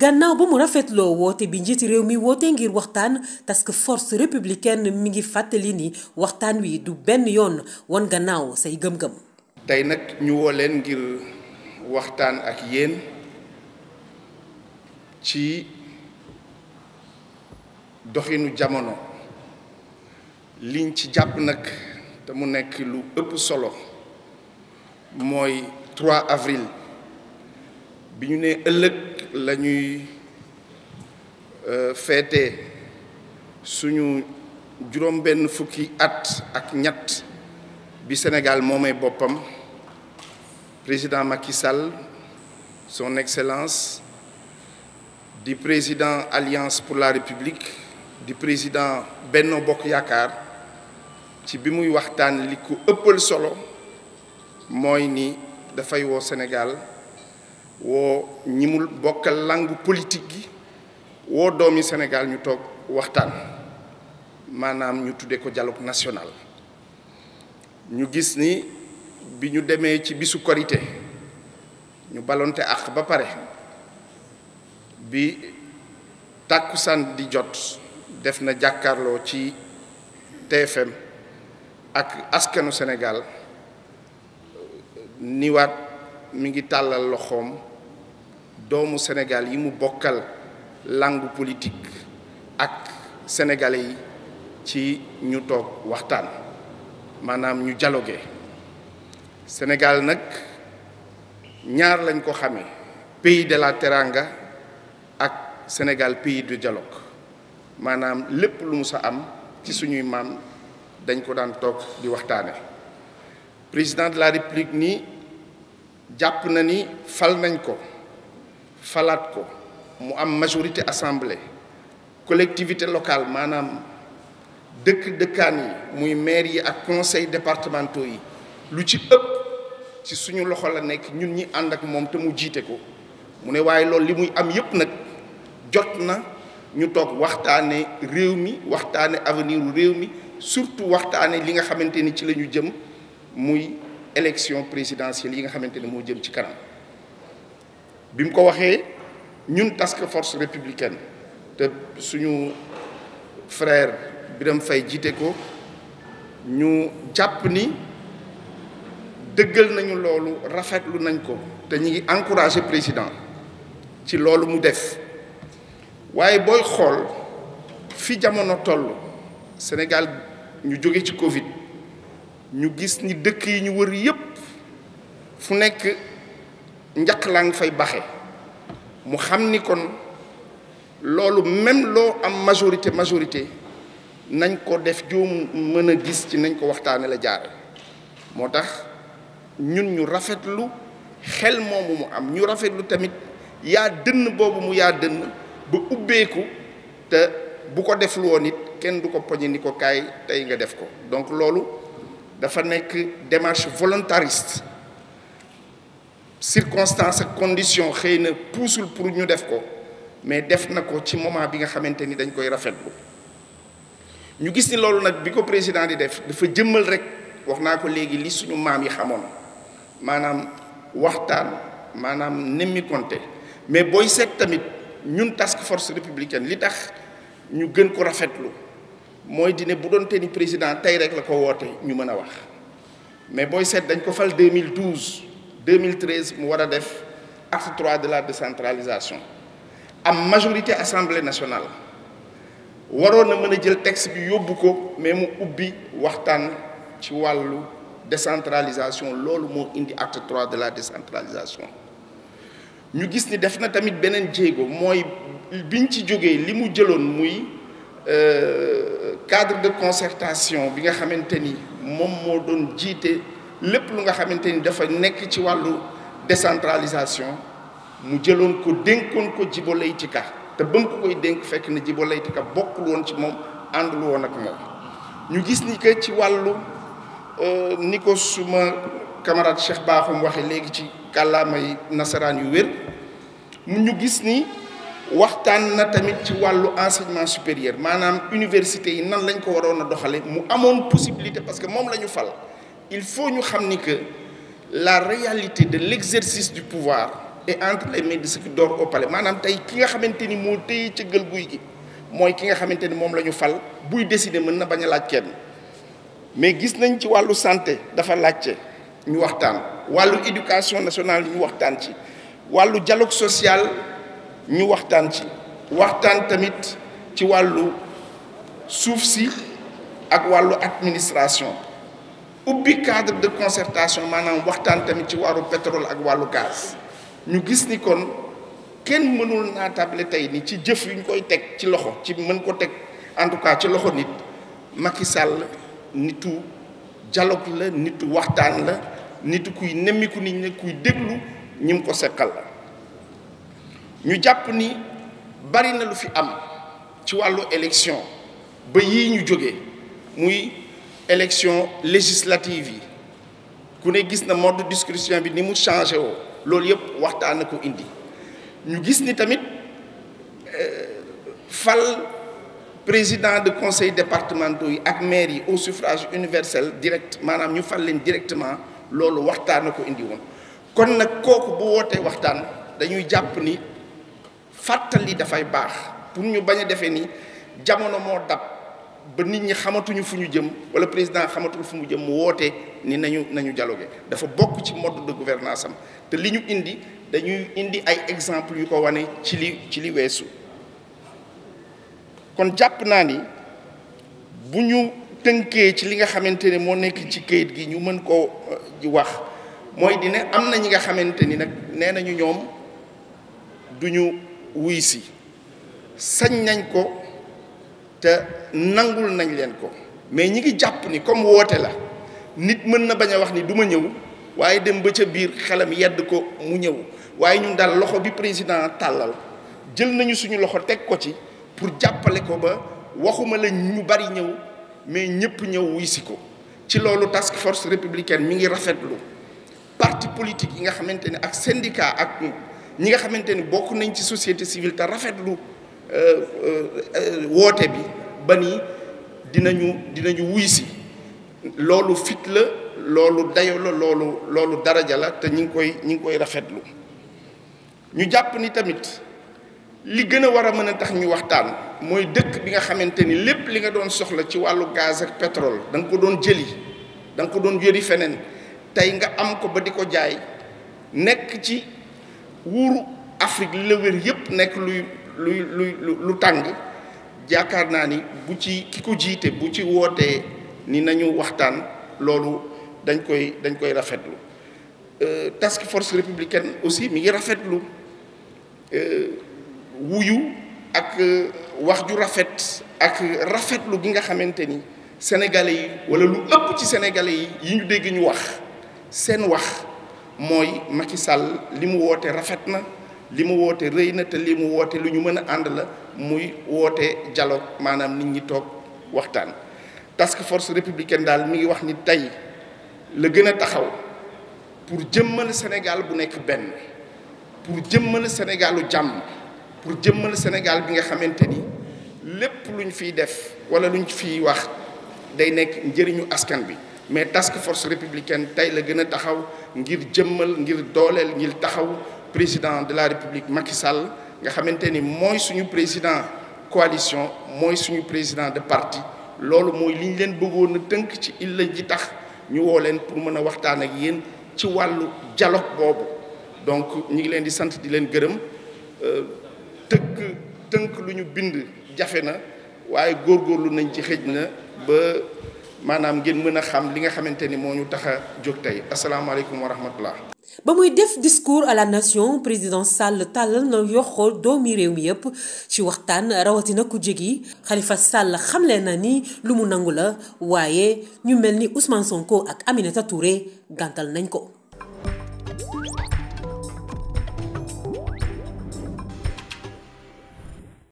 gannaaw ba mu rafetloo woote bi njiiti réew mi wootee ngir waxtaan parce que force républicaine mi ngi fàttali ni waxtaan wi du benn yoon won gannaaw say gëm-gëm. tey nag ñu woo leen ngir waxtaan ak yéen ci doxinu jamono liñ ci jàpp nag te mu nekk lu ëpp solo. mooy 3 avril bi ñu ne ëllëg la ñuy euh, feete suñu juróom benn fukki at ak ñett bi Sénégal moomee boppam président Macky Sall son excellence di président Alliance pour la République di président Benno Bokk Yaakaar ci bi muy waxtaan li ko ëppal solo mooy ni dafay woo Sénégal woo ñi mu bokkal langue politique gi woo doomi Sénégal ñu toog waxtaan maanaam ñu tuddee ko dialogue national ñu gis ni bi ñu demee ci bisu korité ñu balonte àq ba pare bi tàkkusaan di jot def na jàkkaarloo ci TFM ak askanu Sénégal niwaat mu ngi tàllal loxoom doomu Sénégal yi mu bokkal langu politique ak sénégalais yi ci ñu toog waxtaan maanaam ñu dialogué Sénégal nag ñaar lañ ko xamee pays de la teranga ak Sénégal pays du dialogue maanaam lépp lu mu sa am ci suñuy maam dañ ko daan toog di waxtaane président de la république ni jàpp na ni fal nañ ko falaat ko mu am majorité assemblée collectivité locale maanaam dëkk dëkkaan yi muy maire yi ak conseil départementaux yi lu ci ëpp ci suñu loxo la nekk ñun ñi ànd ak moom te mu jiite ko mu ne waaye loolu li muy am yëpp nag jot na ñu toog waxtaane réew mi waxtaane avenir réew mi surtout waxtaane li nga xamante ni ci la ñu jëm muy élection présidentielle yi nga xamante ne moo jëm ci kanam bi mu ko waxee ñun task force républicaine te suñu frère biram fay jiite ko ñu jàpp ni dëggal nañu loolu rafetlu nañ ko te ñu ngi encouragé président ci loolu mu def waaye booy xool fi jamono toll Sénégal ñu jóge ci Covid ñu gis ni dëkk yi ñu wër yépp fu nekk njaq laa ngi fay baxe mu xam ni kon loolu même loo am majorité majorité nañ ko def joo mën a gis ci nañ ko waxtaane la jaare moo tax ñun ñu rafetlu xel moomu mu am ñu rafetlu tamit yaa dënn boobu mu yaa dënn ba ubbeeku te bu ko def lu woon it kenn du ko poñe ni ko kaay tey nga def ko donc loolu dafa nekk démarche volontariste circonstance ak condition xëy na puusul pour ñu def ko mais def na ko ci moment bi nga xamante ni dañ koy rafetlu ñu gis ni loolu nag bi ko président di def dafa jëmmal rek wax naa ko léegi li suñu maam yi xamoon maanaam waxtaan maanaam nemmi mais booy set tamit ñun task force républicaine li tax ñu gën ko rafetlu mooy dine bu doon doonte ni président tey rek la ko woote ñu mën a wax mais booy seet dañ ko fal 2012 2013 mu war a def acte 3 de la décentralisation am majorité assemblée nationale waroon na mën a jël texte bi yóbbu ko mais mu ubbi waxtaan ci wàllu décentralisation loolu moo indi acte trois de la décentralisation ñu gis ni def na tamit beneen jéego mooy biñ ci jógee li mu jëloon muy euh, cadre de concertation bi nga xamante ni moom moo doon jiite lépp lu nga xamante ni dafa nekk ci wàllu décentralisation mu jëloon ko dénkoon ko Djibo Leyti Ka te ba mu ko koy dénk fekk na Djibo Leyti Ka bokkul woon ci moom àndul woon ak moom ñu gis ni que ci wàllu euh, ni ko suma camarade Cheikh Bakhoum waxe léegi ci kàllaamay nasaraan yu wér mu ñu gis ni waxtaan na tamit ci wàllu enseignement supérieur maanaam université yi nan lañ ko waroon a doxale mu amoon possibilité parce que moom la ñu fal il faut ñu xam ni que la réalité de l'exercice du pouvoir est entre les mains de ceux qui dorment au maanaam tey ki nga xamante ni moo téye ca gël guy gi mooy ki nga xamante ni moom la ñu fal buy décider mën na bañ a laaj kenn mais gis nañ ci wàllu santé dafa laajte ñu waxtaan wàllu éducation nationale ñu waxtaan ci wàllu dialogue social ñu waxtaan ci waxtaan tamit ci wàllu suuf si ak wàllu administration ubbi cadre de concertation maanaam waxtaan tamit ci wàllu pétrole ak wàllu gaz ñu gis ni kon kenn mënul naatable tey ni ci jëf yu ñu koy teg ci loxo ci mën ko teg en tout cas ci loxo nit Macky Sall nitu dialogue la nitu waxtaan la nitu kuy nemmiku nit ñi kuy déglu ñi ko seqal la ñu jàpp ni bari na lu fi am ci wàllu élection ba yii ñu jóge muy élection législative yi ku ne gis na mode discussion bi ni mu changé woo loolu yëpp waxtaan na ko indi ñu gis ni tamit euh, fal président de conseil départementaux yi ak maire yi au suffrage universelle direct maanaam ñu fal leen directement loolu waxtaan na ko indi woon kon nag kooku bu wootee waxtaan dañuy jàpp ni fàttali dafay baax pour ñu bañ a defee ni jamono moo dab ba nit ñi xamatuñu fu ñu jëm wala président xamatul fu mu jëm mu woote ni nañu nañu dialogué dafa bokk ci mode de gouvernance am te li ñu indi dañuy indi ay exemple yu ko wane ci li ci li weesu kon jàpp naa ni bu ñu tënkee ci li nga xamante ne moo nekk ci kayit gi ñu mën koo euh, wax mooy dina am na ñi nga xamante ni nag nee nañu ñoom duñu wuy si sañ nañ ko te nangul nañ leen ko mais ñi ngi jàpp ni comme woote la nit mën na bañ a wax ni du ma ñëw waaye dem ba ca biir xelam yedd ko mu ñëw waaye ñun daal loxo bi président tàllal jël nañu suñu loxo teg ko ci pour jàppale ko ba waxuma la ñu bari ñëw mais ñëpp ñëw wuy si ko ci loolu task force républicain mi ngi rafetlu parti politique yi nga xamante ne ak syndicat ak ñi nga xamante ni bokk nañ ci société civile te rafetlu euh, euh, woote bi ba nii dinañu dinañu wuy si loolu fit la loolu dayo la loolu loolu daraja la te ñi ngi koy ñi ngi koy rafetlu ñu jàpp ni tamit li gën a war a mën a tax ñu waxtaan mooy dëkk bi nga xamante ni lépp li nga doon soxla ci wàllu gaz ak pétrole da nga ko doon jëli da nga ko doon jëri feneen tey nga am ko ba di ko jaay nekk ci wuuru Afrique li la wér yépp nekk luy luy luy lu tàng jaakaar naa ni bu ci ki ko jiite bu ci wootee ni nañu waxtaan loolu dañ koy dañ koy rafetlu euh, task force républicaine aussi mi ngi rafetlu euh, wuyu ak euh, wax ju rafet ak rafetlu gi nga xamante ni sénégalais yi walla lu ëpp ci sénégalais yi yi ñu dégg ñu wax seen wax mooy Macky Sall li mu woote rafet na li mu woote rëy na te li mu woote lu ñu mën a ànd la muy woote jaloo maanaam nit ñi toog waxtaan task force républicaine daal mi ngi wax ni tey la gën a taxaw pour jëmmal Sénégal bu nekk benn pour jëmmal Sénégalu jàmm pour jëmmal Sénégal bi nga xamante ni lépp lu ñu fiy def wala lu ñu fiy wax day nekk njëriñu askan bi mais task force républicaine tey la gën a taxaw ngir jëmmal ngir dooleel ngir taxaw président de la république Macky Sall nga xamante ni mooy suñu président coalition mooy suñu président de partie loolu mooy li ñu leen bëggoon a tënk ci illa ji tax ñu woo leen pour mën a waxtaan ak yéen ci wàllu dialogue boobu donc ñu ngi leen di sant di leen gërëm euh, tënk tënk lu ñu bind jafe na waaye góor góorgóorlu nañ ci xëj na ba maanaam ngeen mën a xam li nga xamante ni moo ñu tax a jóg tey asalaamaaleykum wa rahmatullah ba muy def discours à la nation président Sall tàllal na yoxool doomi réew mi yépp ci waxtaan rawatina ku jegi Khalifa Sall xamle na ni lu mu nangu la waaye ñu mel ni Ousmane Sonko ak Aminata Touré gàntal nañ ko